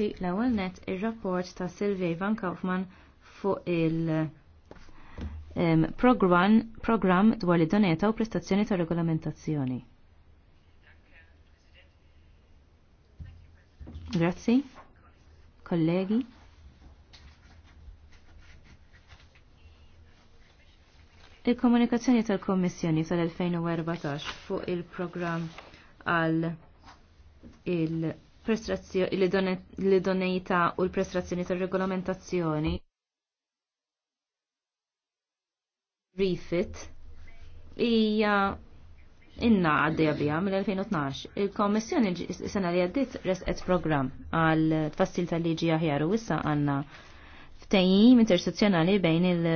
proposti l ewwel net ir-rapport ta' Silvej Van Kaufman fuq il- program, program dwar li doneta u prestazzjoni ta' regolamentazzjoni. Grazzi, kollegi. Il-komunikazzjoni tal-Kommissjoni tal-2014 fuq il-programm għal il-, -program għal il l-idonejta u l prestrazzjoni tal-regolamentazzjoni. Refit hija inna għaddeja bija mill-2012. Il-Kommissjoni sena li għaddit resqet program għal tfassil tal-liġi aħjar u issa għanna ftejjim intersezzjonali bejn il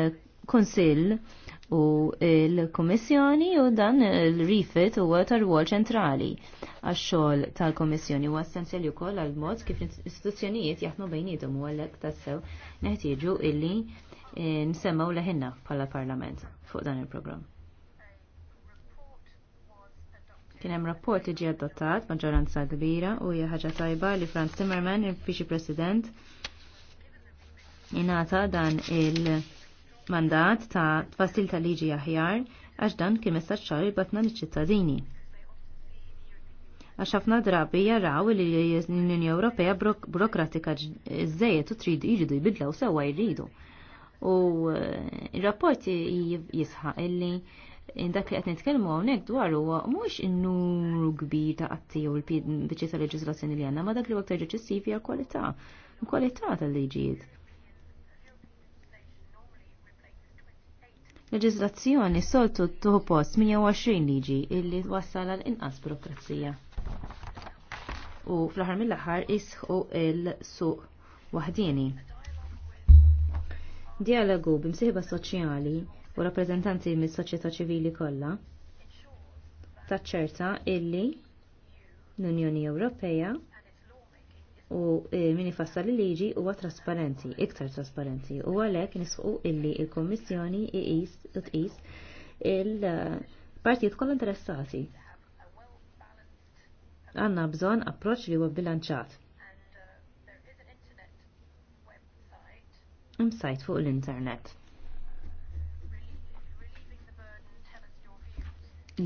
kunsill u il-Komissjoni u dan il-rifit huwa tar-rwol ċentrali għax-xogħol tal-Komissjoni u essenzjali wkoll għal mod kif l-istituzzjonijiet jaħdmu bejnietom u għalhekk tassew neħtieġu illi eh, nsemmaw leħinna bħala Parlament fuq dan il-programm. Kien hemm rapport li ġie adottat maġġoranza kbira u hija ħaġa tajba li Franz Timmerman, il-Viċi President, ingħata dan il- mandat ta' tfassil ta' liġi aħjar għax dan kien messaġġ ċar batna niċ ċittadini Għax ħafna drabi jaraw li l-Unjoni Ewropea burokratika żejjed u tridu jridu jbidlaw sewwa jridu. U r-rapporti eh, jisħaq illi dak li qed nitkellmu hawnhekk dwar huwa mhux in-numru kbir ta' qatti u l-biċċi tal leġiżlazzjoni li għandna, ma dak li huwa aktar ġeċessivi għal kwalità, kwalità tal-liġijiet Leġizlazzjoni soltu tuħu post 120 liġi illi wassal għal inqas burokrazija. U fl-aħħar mill-aħħar isħu il-suq waħdieni. Dialogu b'imsieħba soċjali u rappreżentanti mis-soċjetà ċivili kollha taċċerta illi l-Unjoni Ewropea u e, min ifassal il-liġi huwa trasparenti, iktar trasparenti u għalhekk nisqu illi il-Kummissjoni iqis tqis il-partijiet kollha interessati. Għanna bżonn approċċ li huwa bilanċat. Im-sajt fuq l-internet.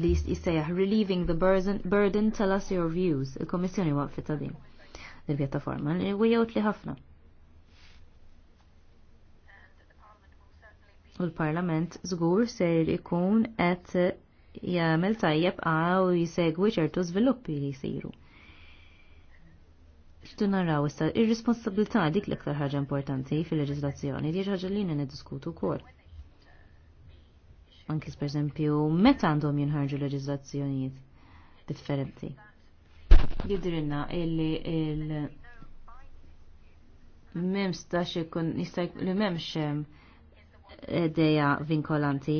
List jissejjaħ Relieving the burden, Tell Us Your Views, il-Kommissjoni waqfet ta' il-pjattaforma li huja li ħafna. U l-Parlament żgur ser ikun qed jagħmel tajjeb għaw jisegwi ċertu żviluppi li jsiru. Xtu naraw issa ir-responsabilità dik l-iktar ħaġa importanti fil-leġislazzjoni li ħaġa li niddiskutu wkoll. Anki per meta għandhom jinħarġu leġislazzjonijiet differenti jidrinna illi il- ta' xekun jistajk li memx eh, deja vinkolanti.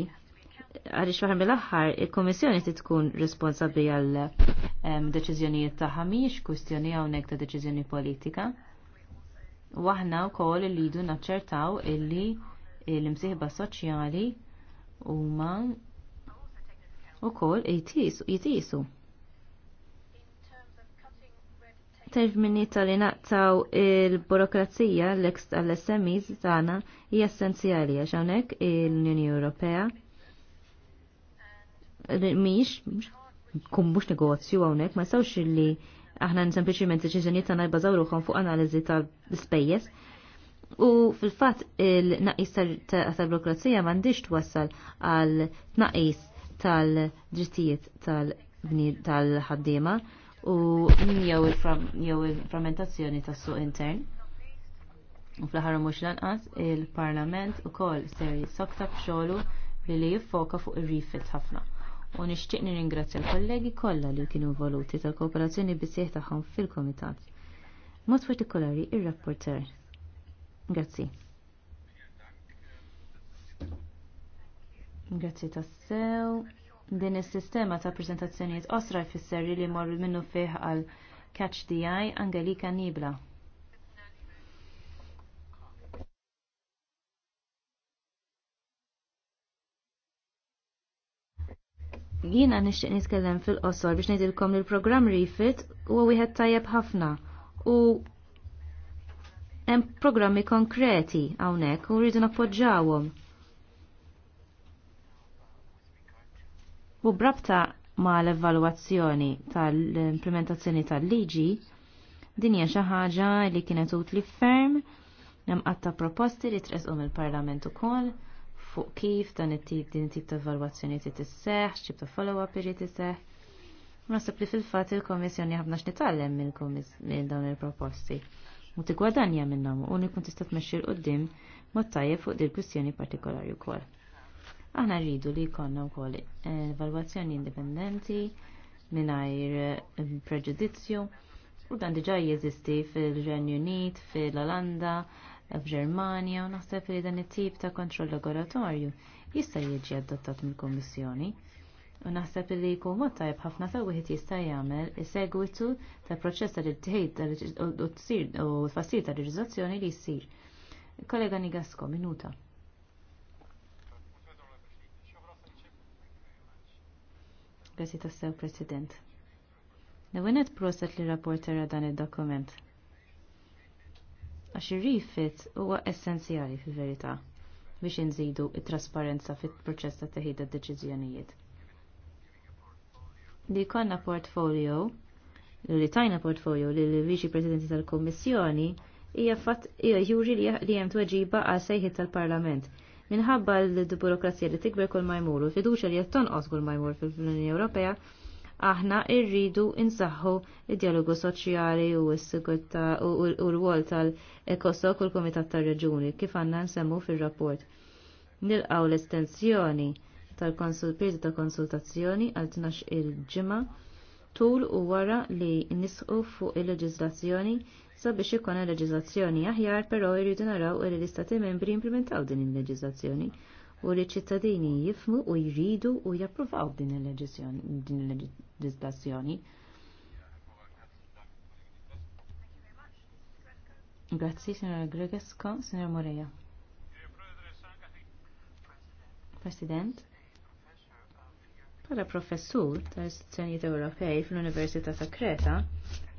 Għalix faħar bil axħar il-Komissjoni tkun responsabli għal deċiżjonijiet ta' ħamiex kwistjoni hawnhekk ta' deċiżjoni politika. Waħna wkoll li jidu naċċertaw illi l-imsieħba soċjali huma kol jitisu. termini tal naqtaw il-burokrazija l eks tal-SMEs tagħna hija essenzjali għax hawnhekk l-Unjoni Ewropea mhix kum mhux negozju hawnhekk ma sawx li aħna sempliċiment deċiżjonijiet tagħna jbażaw ruħhom fuq analiżi tal-ispejjeż. U fil-fatt il-naqis tal-burokrazija m'għandix twassal għal tnaqis tal-drittijiet tal-ħaddiema. tal drittijiet tal ħaddiema tal tal ħaddiema u jew il-frammentazzjoni tas suq intern. U fl-aħħar mhux lanqas il-Parlament ukoll ser jissokta b'xogħlu li jiffoka fuq ir-rifit ħafna. U nixtieq nirringrazzja l-kollegi kollha li kienu involuti tal-kooperazzjoni bisieħ tagħhom fil-Komitat. Mod partikolari ir-rapporter. Grazzi. Grazzi tassew. Din is-sistema ta' preżentazzjonijiet osra jfisser li morru minnu fih għal Catch the Eye Angelika Nibla. Jiena nixtieq nitkellem fil-qosor biex ngħidilkom li l-programm Refit huwa wieħed tajjeb ħafna u hemm programmi konkreti hawnhekk u rridu nappoġġawhom. U brabta ma l-evalwazzjoni tal-implementazzjoni tal-liġi, din hija xi ħaġa li kienet utli ferm hemm qatta proposti li tresqhom il-Parlament ukoll fuq kif dan it-tip din tip ta' evalwazzjoni trid isseħħ, x'tip ta' follow-up irid iseħħ. Nasib li fil-fatt il-Kommissjoni ħafna x'nitgħallem minn dawn il-proposti. U tigwadanja minnhom u nikun tista' tmexxi l-qudiem mod tajjeb fuq dil kwistjoni partikolari wkoll. Aħna rridu li jkollna wkoll eh, evalwazzjoni indipendenti mingħajr eh, preġudizzju u dan diġà jeżisti fil-Renju Unit, fil-Olanda, f'Ġermanja u naħseb li dan it-tip ta' kontroll laboratorju jista' jiġi adottat mill-Kummissjoni. U naħseb li jkun mod tajb ħafna ta' wieħed jista' jagħmel segwitu tal proċess ta' ittieħed u tfassir tal-leġiżlazzjoni li jsir. Kollega Nigasko, minuta. ta' sew President. Nawenet proset li rapportera dan il-dokument. Għax ir-rifit huwa essenzjali fil-verità biex inżidu it-trasparenza fit-proċess ta' teħida d-deċiżjonijiet. Li konna portfolio, li tajna portfolio li l-Viċi Presidenti tal-Kommissjoni hija fatt hija juri li hemm tweġiba għal sejħiet tal-Parlament minħabba l-burokrazija li tikber kol majmur u fiduċa li jattonqos ma majmur fil-Unjoni Ewropea aħna irridu insaħħu id-dialogu soċjali u s-sigurta u l-wol tal-ekosok u komitat tal-reġuni kif għanna nsemmu fil-rapport. Nilqaw l-estensjoni tal-konsulpiet ta' konsultazzjoni għal il-ġimma tul u wara li nisqu fuq il-leġislazzjoni sabiex ikun leġiżlazzjoni aħjar, però jridu naraw li l-istati membri implementaw din il-leġiżlazzjoni u li ċittadini jifmu u jridu u japprovaw din il-leġiżlazzjoni. Grazzi, signora Gregesco, signora Moreja. President. Bħala professur ta' istituzzjonijiet Ewropej fl-Università ta' Kreta,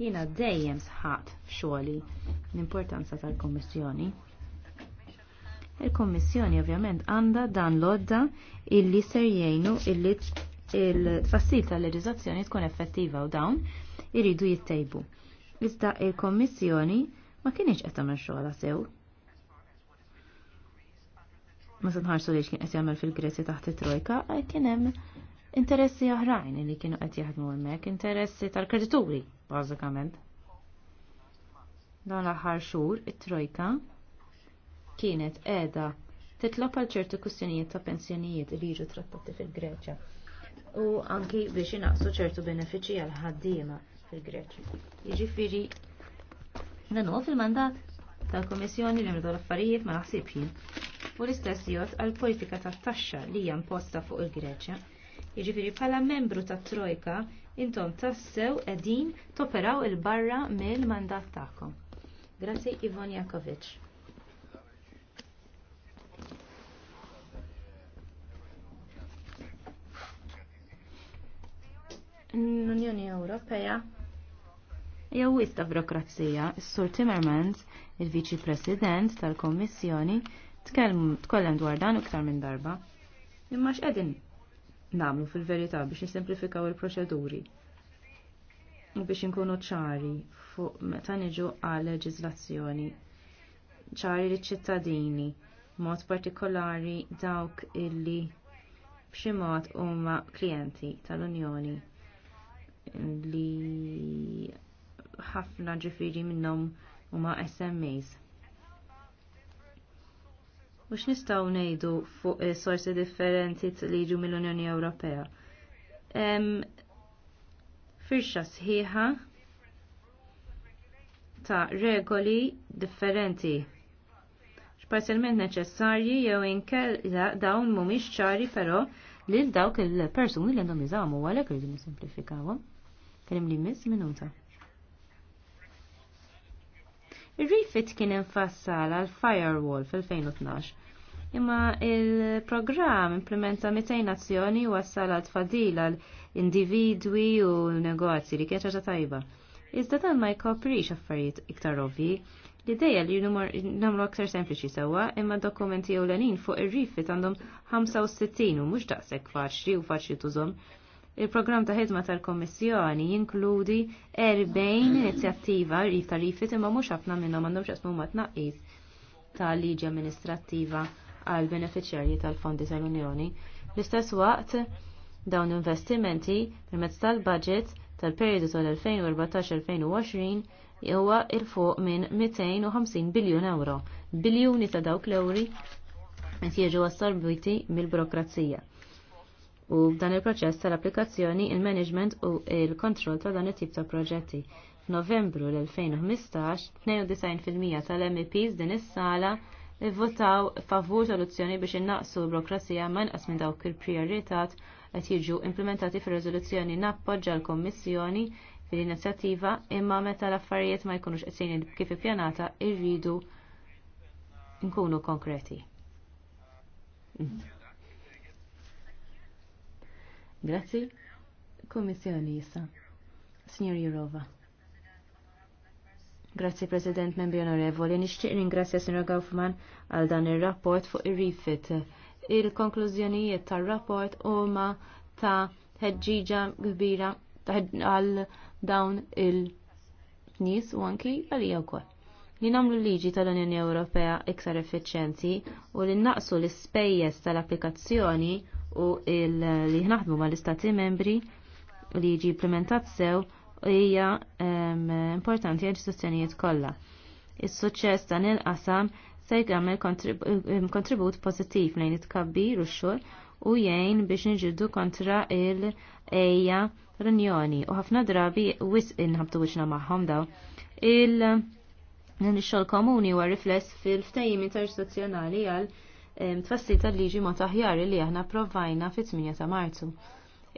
jiena dejjem sħat f'xogħli l-importanza tal-Kommissjoni. Il-Kommissjoni ovvjament għandha dan l-odda illi ser jgħinu illi il-tfassil tal-leġiżazzjoni tkun effettiva u dawn iridu jittejbu. Iżda il-Kommissjoni ma kienx qed tagħmel xogħla sew. Ma se nħarsu li kien qed jagħmel fil-Grezja taħt it-Trojka, kien hemm interessi oħrajn li kienu qed jaħdmu hemmhekk, interessi tal-kredituri bażikament. Dan l-aħħar xhur it-trojka kienet qiegħda titlob għal ċertu kwistjonijiet ta' pensjonijiet li jiġu trattati fil-Greċja u anki biex inaqsu ċertu benefiċi għal ħaddiema fil-Greċja. Jiġifieri dan huwa fil-mandat tal-Komissjoni li mridu l-affarijiet ma naħsibx jien. U l-istess jgħod għal politika tat-taxxa li hija imposta fuq il-Greċja Jiġifieri bħala membru tat Trojka intom tassew qegħdin toperaw il-barra mill-mandat tagħkom. Grazzi Ivon Jakovic. l-Unjoni Ewropea jew wis ta' burokrazija, is-Sur Timmermans, il-Viċi President tal-Kommissjoni, tkellem dwar dan iktar minn darba. Imma x'qegħdin namlu fil-verità biex nisimplifikaw il-proċeduri u biex inkunu ċari fuq meta niġu għal leġiżlazzjoni ċari liċ ċittadini mod partikolari dawk illi b'xi mod huma klijenti tal-Unjoni li ħafna ġifiri minnhom huma SMEs. Mhux nistgħu ngħidu fuq eh, sorsi differenti li jiġu mill-Unjoni Ewropea. Firxa sħiħa ta' regoli differenti x'parzialment neċessarji jew inkella dawn mhumiex ċari però lil dawk il-persuni li għandhom jiżamu għalhekk irridu nisimplifikawhom. li miss minuta ir rifit kien infassal għal firewall fil-2012. Imma il-programm implementa 200 nazzjoni u għassal għal tfadil għal individwi u negozji li ta' tajba. Iżda dan ma jkoprix affarijiet iktar ovvi, L-ideja li namlu aktar sempliċi sewa, imma dokumenti ewlenin fuq ir-rifit għandhom 65 u mhux daqshekk faċli u faċli tużhom. Il-programm ta' ħidma tal-Kommissjoni jinkludi 40 inizjattiva rif ta' rifit imma mhux ħafna minnhom għandhom x'qasmu ma' tnaqqis ta' liġi amministrattiva għal beneficjarji tal-fondi tal-Unjoni. L-istess waqt dawn investimenti permezz tal-budget tal-periodu tal-2014-2020 huwa il fuq minn 250 biljun euro. Biljuni ta' dawk l-ewri qed jiġu assorbiti mill-burokrazija u dan il-proċess tal-applikazzjoni il-management u il-kontroll ta' dan it-tip ta' proġetti. F'Novembru l-2015, 92% tal-MEPs din is-sala votaw favur soluzzjoni biex innaqsu l-burokrazija ma nqas minn dawk il-prioritat qed jiġu implementati fir-riżoluzzjoni nappoġġa l-Kommissjoni fil-inizjattiva imma meta l-affarijiet ma jkunux qed kif ippjanata irridu nkunu konkreti. Mm. Grazzi. Kommissjoni jissa. Signor Jurova. Grazzi President, membri onorevoli, nixtieq ringrazzja Sinra Gaufman għal dan ir-rapport fuq ir-rifit. Il-konklużjonijiet tar-rapport huma ta' ħeġġiġa kbira għal dawn il-nies u anki għalija wkoll. Li nagħmlu liġi tal-Unjoni Ewropea iktar effiċjenti u li naqsu l-ispejjeż tal-applikazzjoni u li ħnaħdmu ma l-istati membri li jiġi implementat sew hija importanti għal sostenijiet kollha. Is-suċċess dan il-qasam se jagħmel kontribut pożittiv lejn it-tkabbir u x-xogħol u jgħin biex niġiddu kontra il-ejja l-Unjoni u ħafna drabi wis inħabtu wiċna magħhom daw. Il-xogħol komuni huwa rifless fil ftajim interstazzjonali għal tfassil tal-liġi ma taħjar li aħna provajna fit-8 ta' Marzu.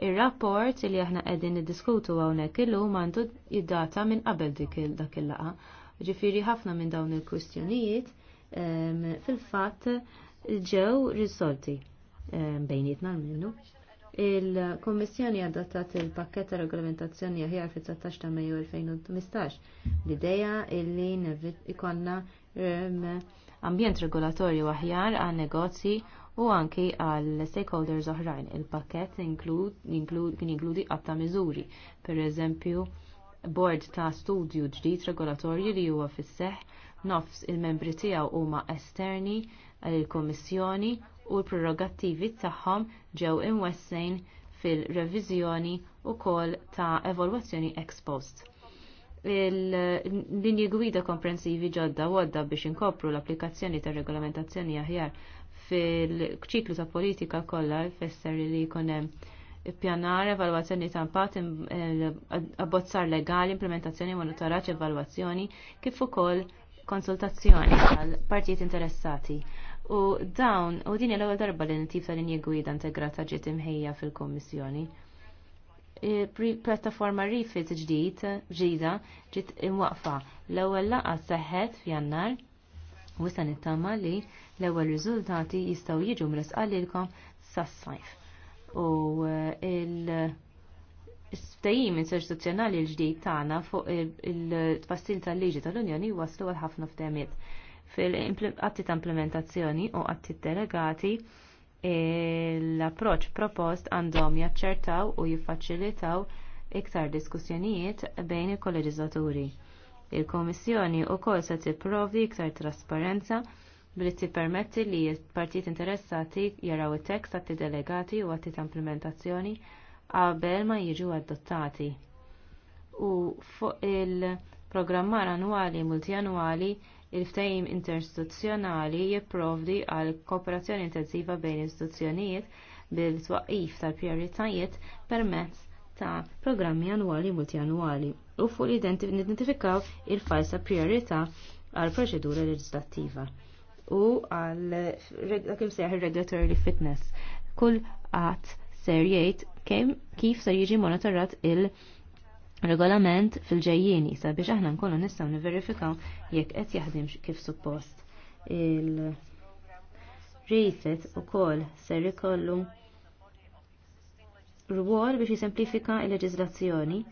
Ir-rapport li aħna qegħdin niddiskutu hawnhekk illum għandu jiddata minn qabel dik dak il-laqa. Ġifieri ħafna minn dawn il-kwistjonijiet fil-fatt ġew risolti bejnietna minnu. Il-Kommissjoni adattat il-pakket ta' regolamentazzjoni aħjar fit-19 ta' Mejju 2015 l-ideja illi ikonna ambjent regolatorju aħjar għan negozji u anki għal stakeholders oħrajn. Il-pakket kien jinkludi ta' miżuri, per eżempju, bord ta' studju ġdid regolatorju li huwa fis seħħ nofs il-membri tiegħu huma esterni għall-Kummissjoni u l-prerogattivi tagħhom ġew imwessejn fil-reviżjoni kol ta' evalwazzjoni ex post il-linji gwida komprensivi ġodda wadda biex inkopru l-applikazzjoni ta' regolamentazzjoni aħjar fil-ċiklu ta' politika kollha jfisser li jkunem pjanar, evalwazzjoni ta' impatt, eh, abbozzar legali, implementazzjoni, monitoraġġ, evalwazzjoni, kif ukoll konsultazzjoni tal-partijiet interessati. U dawn, u din l-ewwel darba li n tal-linji gwida integrata ġiet imħejja fil-Kommissjoni il-plattaforma Refit ġdid ġdida ġiet imwaqfa l-ewwel laqgħa seħħet f'Jannar u se nittama li l-ewwel riżultati jistgħu jiġu mresqalilkom sas-sajf. U eh, il stajim inserstituzzjonali l-ġdid tagħna fuq il-tfassil tal-liġi tal-Unjoni waslu għal ħafna f'temiet fil-qatti ta' implementazzjoni u qatti delegati l-approċ propost għandhom jaċċertaw u jiffaċilitaw iktar diskussjonijiet bejn il-kolleġizzaturi. Il-Komissjoni wkoll se tipprovdi iktar trasparenza billi tippermetti li partit interessati jaraw it-tekst għatti delegati u atti ta' implementazzjoni qabel ma jiġu adottati. U fuq il-programmar annwali multianwali Il-ftajim interstituzzjonali jipprovdi għal kooperazzjoni intensiva bejn istituzzjonijiet bil-twaqif tal-prioritajiet permezz ta' programmi annwali multianwali u fuq li identifikaw il falsa priorità għal proċedura leġislattiva u għal kim seħ regulatory fitness. Kull għat ser jgħid kif ser jiġi monitorat il- regolament fil ġejjini sabiex aħna nkollu nistgħu niverifikaw jekk qed jaħdimx kif suppost. Il refit ukoll ser ikollu rwol biex jisemplifika il-leġiżlazzjoni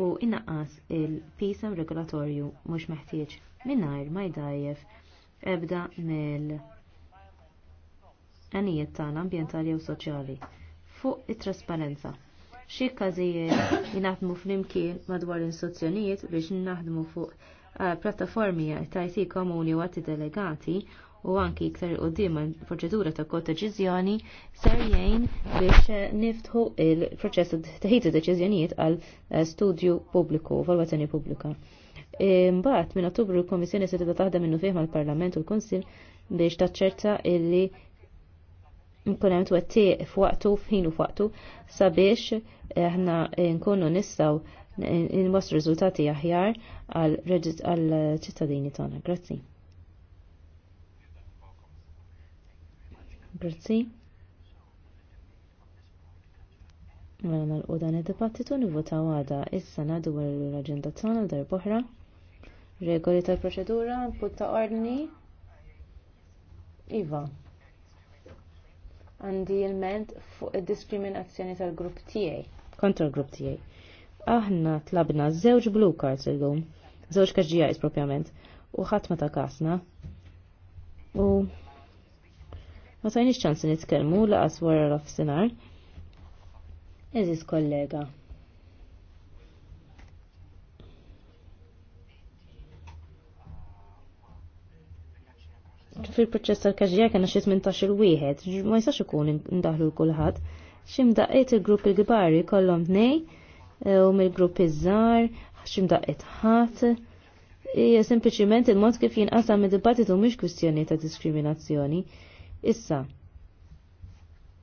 u inaqqas il-pisem regolatorju mhux meħtieġ mingħajr ma jdajjef ebda mill għanijiet tal ambjentali u soċjali fuq it-trasparenza Xi każijiet li naħdmu flimkien madwar l biex naħdmu fuq eh, plattaformi ta' IT komuni u għati delegati u anki iktar qoddim proċedura ta' kod deċiżjoni ser jgħin biex eh, niftħu il-proċess ta' ħita deċiżjonijiet għal eh, studju pubbliku, valwazzjoni pubblika. Mbagħad minn Ottubru l-Komissjoni se tibda taħdem minnu fih mal-Parlament u l konsil biex taċċerta illi nkun hemm twettiq f'waqtu f'ħin u f'waqtu sabiex eh, aħna nkunu nistgħu nwas riżultati aħjar għal ċittadini tagħna. Grazzi. Grazzi. Mela nalqu dan id-dibattitu nivvotaw għada issa nagħdu l-aġenda tagħna darb'oħra. Regoli tal-proċedura, punt ta' ordni. Iva għandi il-ment fuq id-diskriminazzjoni tal-grupp tiegħi, kontra l-grupp tiegħi. Aħna tlabna żewġ blue cards illum, żewġ kaxġijajs propjament, u ħatma ta' kasna. U ma tajni ċansi nitkellmu laqas wara l-offsinar. Eżis kollega. fil-proċess tal-kaġġija kena xi 18 il-wieħed, ma jistax ikun indaħlu l-kulħadd. Ximdaqqiet il-grupp il-kbar kollhom tnejn eh, u mill-grupp iż-żgħar, ximdaqqiet ħadd. Ija sempliċiment il-mod kif jinqasam id-dibattitu mhix kwistjoni ta' diskriminazzjoni. Issa,